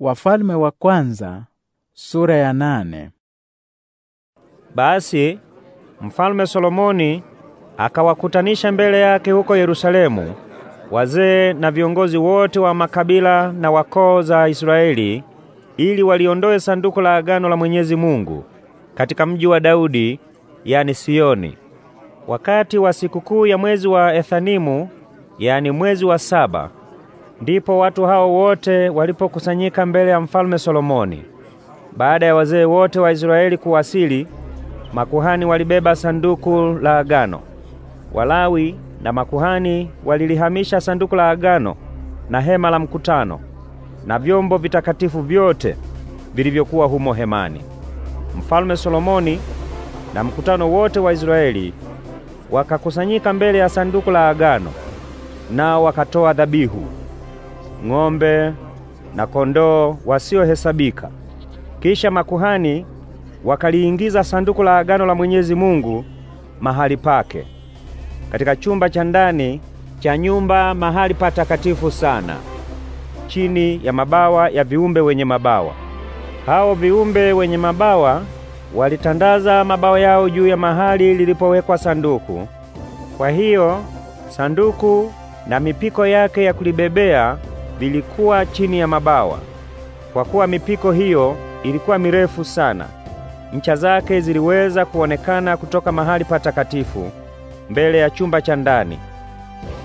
Wafalme wa kwanza, sura ya nane. Basi Mfalme Solomoni akawakutanisha mbele yake huko Yerusalemu wazee na viongozi wote wa makabila na wakoo za Israeli ili waliondoe sanduku la agano la Mwenyezi Mungu katika mji wa Daudi, yani Sioni, wakati wa sikukuu ya mwezi wa Ethanimu, yani mwezi wa saba Ndipo watu hao wote walipokusanyika mbele ya mfalme Solomoni. Baada ya wazee wote wa Israeli kuwasili, makuhani walibeba sanduku la agano. Walawi na makuhani walilihamisha sanduku la agano na hema la mkutano na vyombo vitakatifu vyote vilivyokuwa humo hemani. Mfalme Solomoni na mkutano wote wa Israeli wakakusanyika mbele ya sanduku la agano, nao wakatoa dhabihu ng'ombe na kondoo wasiohesabika. Kisha makuhani wakaliingiza sanduku la agano la Mwenyezi Mungu mahali pake katika chumba cha ndani cha nyumba, mahali patakatifu sana, chini ya mabawa ya viumbe wenye mabawa. Hao viumbe wenye mabawa walitandaza mabawa yao juu ya mahali lilipowekwa sanduku. Kwa hiyo sanduku na mipiko yake ya kulibebea vilikuwa chini ya mabawa, kwa kuwa mipiko hiyo ilikuwa mirefu sana. Ncha zake ziliweza kuonekana kutoka mahali patakatifu mbele ya chumba cha ndani,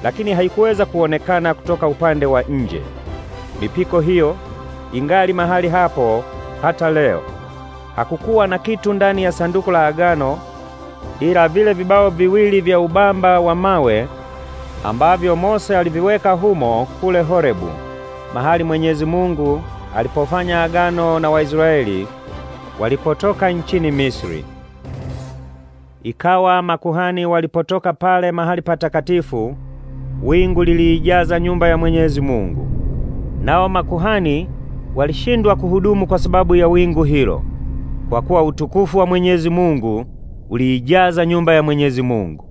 lakini haikuweza kuonekana kutoka upande wa nje. Mipiko hiyo ingali mahali hapo hata leo. Hakukuwa na kitu ndani ya sanduku la agano ila vile vibao viwili vya ubamba wa mawe ambavyo Mose aliviweka humo kule Horebu mahali Mwenyezi Mungu alipofanya agano na Waisraeli walipotoka nchini Misri. Ikawa makuhani walipotoka pale mahali patakatifu, wingu liliijaza nyumba ya Mwenyezi Mungu. Nao makuhani walishindwa kuhudumu kwa sababu ya wingu hilo, kwa kuwa utukufu wa Mwenyezi Mungu uliijaza nyumba ya Mwenyezi Mungu.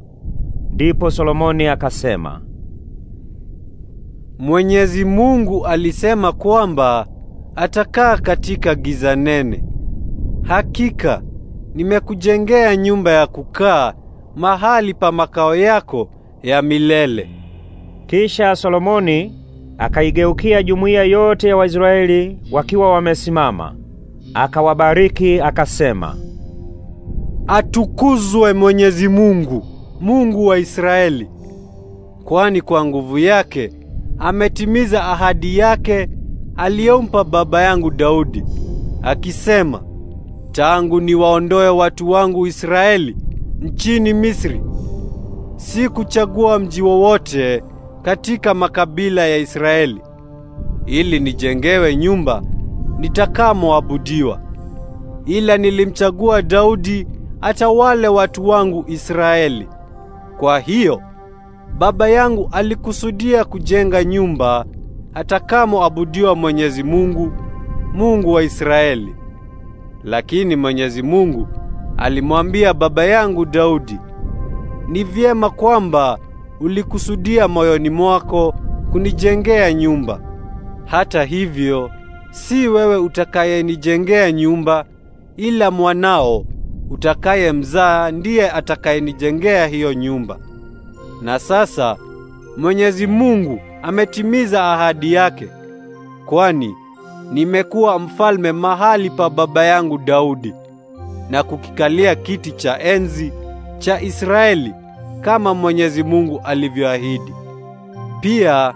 Ndipo Solomoni akasema: Mwenyezi Mungu alisema kwamba atakaa katika giza nene. Hakika nimekujengea nyumba ya kukaa, mahali pa makao yako ya milele. Kisha Solomoni akaigeukia jumuiya yote ya Waisraeli wakiwa wamesimama, akawabariki akasema, atukuzwe Mwenyezi Mungu, Mungu wa Israeli, kwani kwa nguvu yake ametimiza ahadi yake aliyompa baba yangu Daudi akisema, tangu niwaondoe watu wangu Israeli nchini Misri, sikuchagua mji wowote katika makabila ya Israeli ili nijengewe nyumba nitakamoabudiwa, ila nilimchagua Daudi atawale watu wangu Israeli. Kwa hiyo Baba yangu alikusudia kujenga nyumba atakamo abudiwa Mwenyezi Mungu, Mungu wa Israeli. Lakini Mwenyezi Mungu alimwambia baba yangu Daudi, ni vyema kwamba ulikusudia moyoni mwako kunijengea nyumba. Hata hivyo, si wewe utakayenijengea nyumba, ila mwanao utakayemzaa ndiye atakayenijengea hiyo nyumba. Na sasa Mwenyezi Mungu ametimiza ahadi yake, kwani nimekuwa mfalme mahali pa baba yangu Daudi na kukikalia kiti cha enzi cha Israeli kama Mwenyezi Mungu alivyoahidi. Pia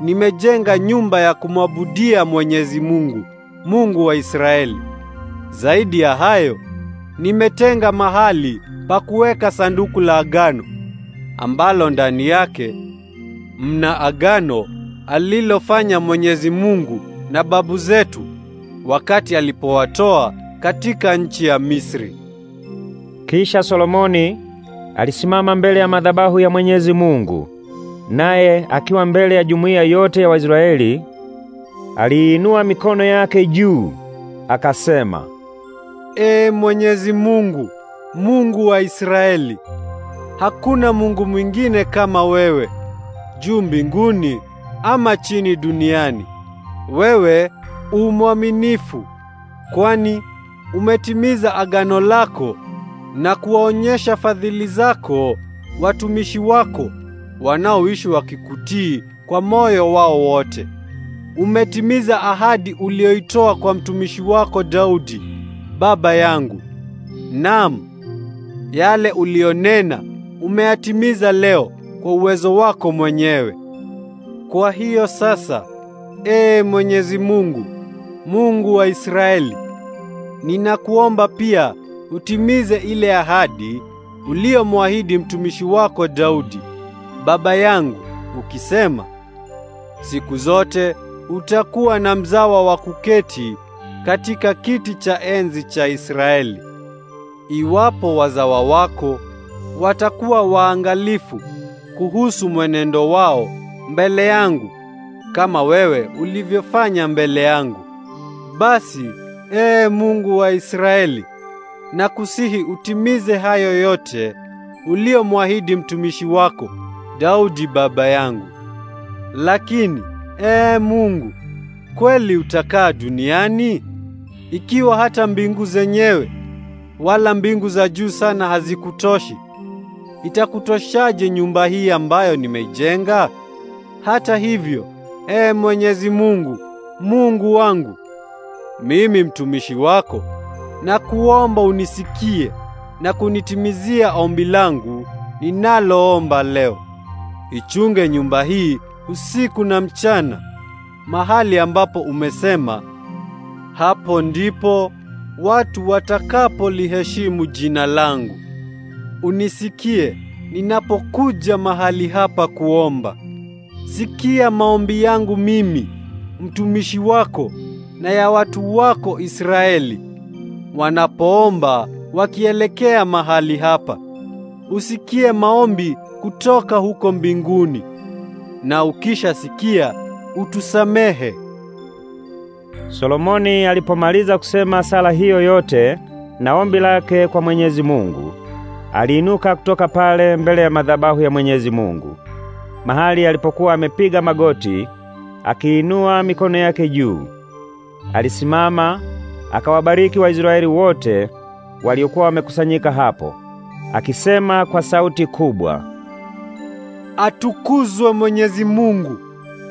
nimejenga nyumba ya kumwabudia Mwenyezi Mungu, Mungu wa Israeli. Zaidi ya hayo, nimetenga mahali pa kuweka sanduku la agano ambalo ndani yake mna agano alilofanya Mwenyezi Mungu na babu zetu wakati alipowatoa katika nchi ya Misri. Kisha Solomoni alisimama mbele ya madhabahu ya Mwenyezi Mungu, naye akiwa mbele ya jumuiya yote ya Waisraeli aliinua mikono yake juu akasema, E Mwenyezi Mungu, Mungu wa Israeli, hakuna Mungu mwingine kama wewe juu mbinguni ama chini duniani. Wewe umwaminifu kwani umetimiza agano lako na kuwaonyesha fadhili zako watumishi wako wanaoishi wakikutii kwa moyo wao wote. Umetimiza ahadi uliyoitoa kwa mtumishi wako Daudi baba yangu, naam, yale uliyonena umeyatimiza leo kwa uwezo wako mwenyewe. Kwa hiyo sasa, ee Mwenyezi Mungu, Mungu wa Israeli, ninakuomba pia utimize ile ahadi uliyomwahidi mtumishi wako Daudi baba yangu, ukisema, siku zote utakuwa na mzawa wa kuketi katika kiti cha enzi cha Israeli, iwapo wazawa wako watakuwa waangalifu kuhusu mwenendo wao mbele yangu kama wewe ulivyofanya mbele yangu. Basi ee Mungu wa Israeli, nakusihi utimize hayo yote uliyomwahidi mtumishi wako Daudi baba yangu. Lakini ee Mungu, kweli utakaa duniani ikiwa hata mbingu zenyewe wala mbingu za juu sana hazikutoshi itakutoshaje nyumba hii ambayo nimeijenga? Hata hivyo, ee Mwenyezi Mungu, Mungu wangu, mimi mtumishi wako na kuomba unisikie na kunitimizia ombi langu ninaloomba leo. Ichunge nyumba hii usiku na mchana, mahali ambapo umesema hapo ndipo watu watakapoliheshimu jina langu unisikie ninapokuja mahali hapa kuomba. Sikia maombi yangu mimi mtumishi wako na ya watu wako Israeli wanapoomba wakielekea mahali hapa. Usikie maombi kutoka huko mbinguni, na ukishasikia utusamehe. Solomoni alipomaliza kusema sala hiyo yote na ombi lake kwa Mwenyezi Mungu, aliinuka kutoka pale mbele ya madhabahu ya Mwenyezi Mungu, mahali alipokuwa amepiga magoti, akiinua mikono yake juu. Alisimama akawabariki Waisraeli wote waliokuwa wamekusanyika hapo, akisema kwa sauti kubwa, Atukuzwe Mwenyezi Mungu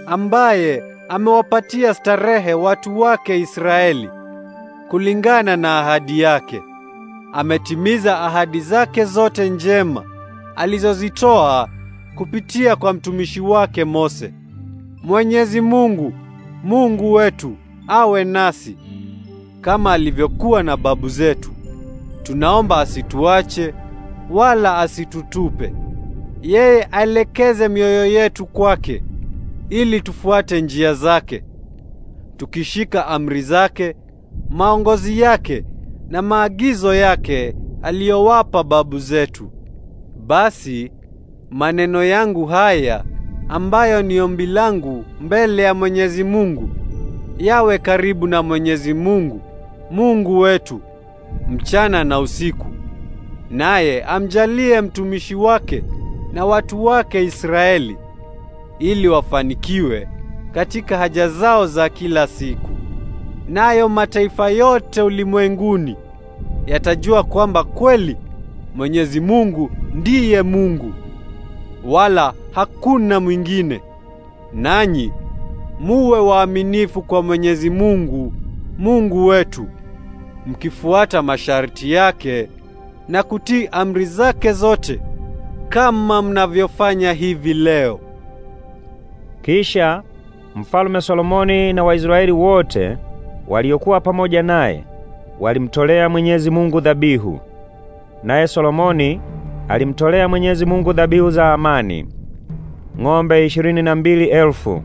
ambaye amewapatia starehe watu wake Israeli kulingana na ahadi yake ametimiza ahadi zake zote njema alizozitoa kupitia kwa mtumishi wake Mose. Mwenyezi Mungu, Mungu wetu, awe nasi kama alivyokuwa na babu zetu. Tunaomba asituache wala asitutupe. Yeye aelekeze mioyo yetu kwake ili tufuate njia zake, tukishika amri zake, maongozi yake na maagizo yake aliyowapa babu zetu. Basi maneno yangu haya ambayo ni ombi langu mbele ya Mwenyezi Mungu yawe karibu na Mwenyezi Mungu, Mungu wetu, mchana na usiku, naye amjalie mtumishi wake na watu wake Israeli ili wafanikiwe katika haja zao za kila siku nayo mataifa yote ulimwenguni yatajua kwamba kweli Mwenyezi Mungu ndiye Mungu wala hakuna mwingine, nanyi muwe waaminifu kwa Mwenyezi Mungu, Mungu wetu, mkifuata masharti yake na kutii amri zake zote kama mnavyofanya hivi leo. Kisha Mfalme Solomoni na Waisraeli wote waliokuwa pamoja naye walimtolea Mwenyezi Mungu dhabihu, naye Solomoni alimtolea Mwenyezi Mungu dhabihu za amani, ng'ombe ishirini na mbili elfu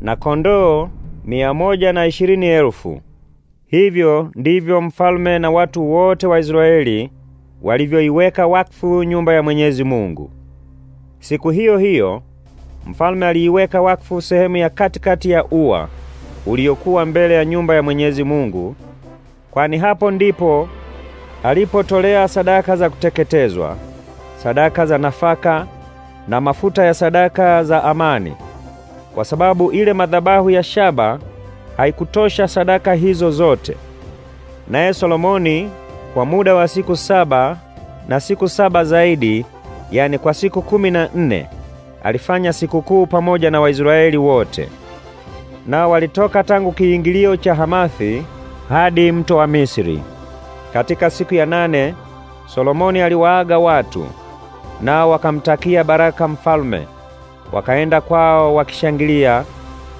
na kondoo mia moja na ishirini elfu. Hivyo ndivyo mfalme na watu wote wa Israeli walivyoiweka wakfu nyumba ya Mwenyezi Mungu. Siku hiyo hiyo mfalme aliiweka wakfu sehemu ya katikati ya ua uliokuwa mbele ya nyumba ya Mwenyezi Mungu, kwani hapo ndipo alipotolea sadaka za kuteketezwa, sadaka za nafaka na mafuta ya sadaka za amani, kwa sababu ile madhabahu ya shaba haikutosha sadaka hizo zote. Naye Solomoni kwa muda wa siku saba na siku saba zaidi, yani kwa siku kumi na nne, alifanya sikukuu pamoja na Waisraeli wote na walitoka tangu kiingilio cha Hamathi hadi mto wa Misri. Katika siku ya nane Solomoni aliwaaga watu, na wakamtakia baraka mfalme. Wakaenda kwao wakishangilia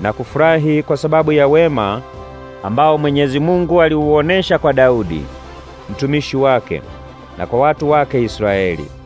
na kufurahi kwa sababu ya wema ambao Mwenyezi Mungu aliuonesha kwa Daudi mtumishi wake na kwa watu wake Israeli.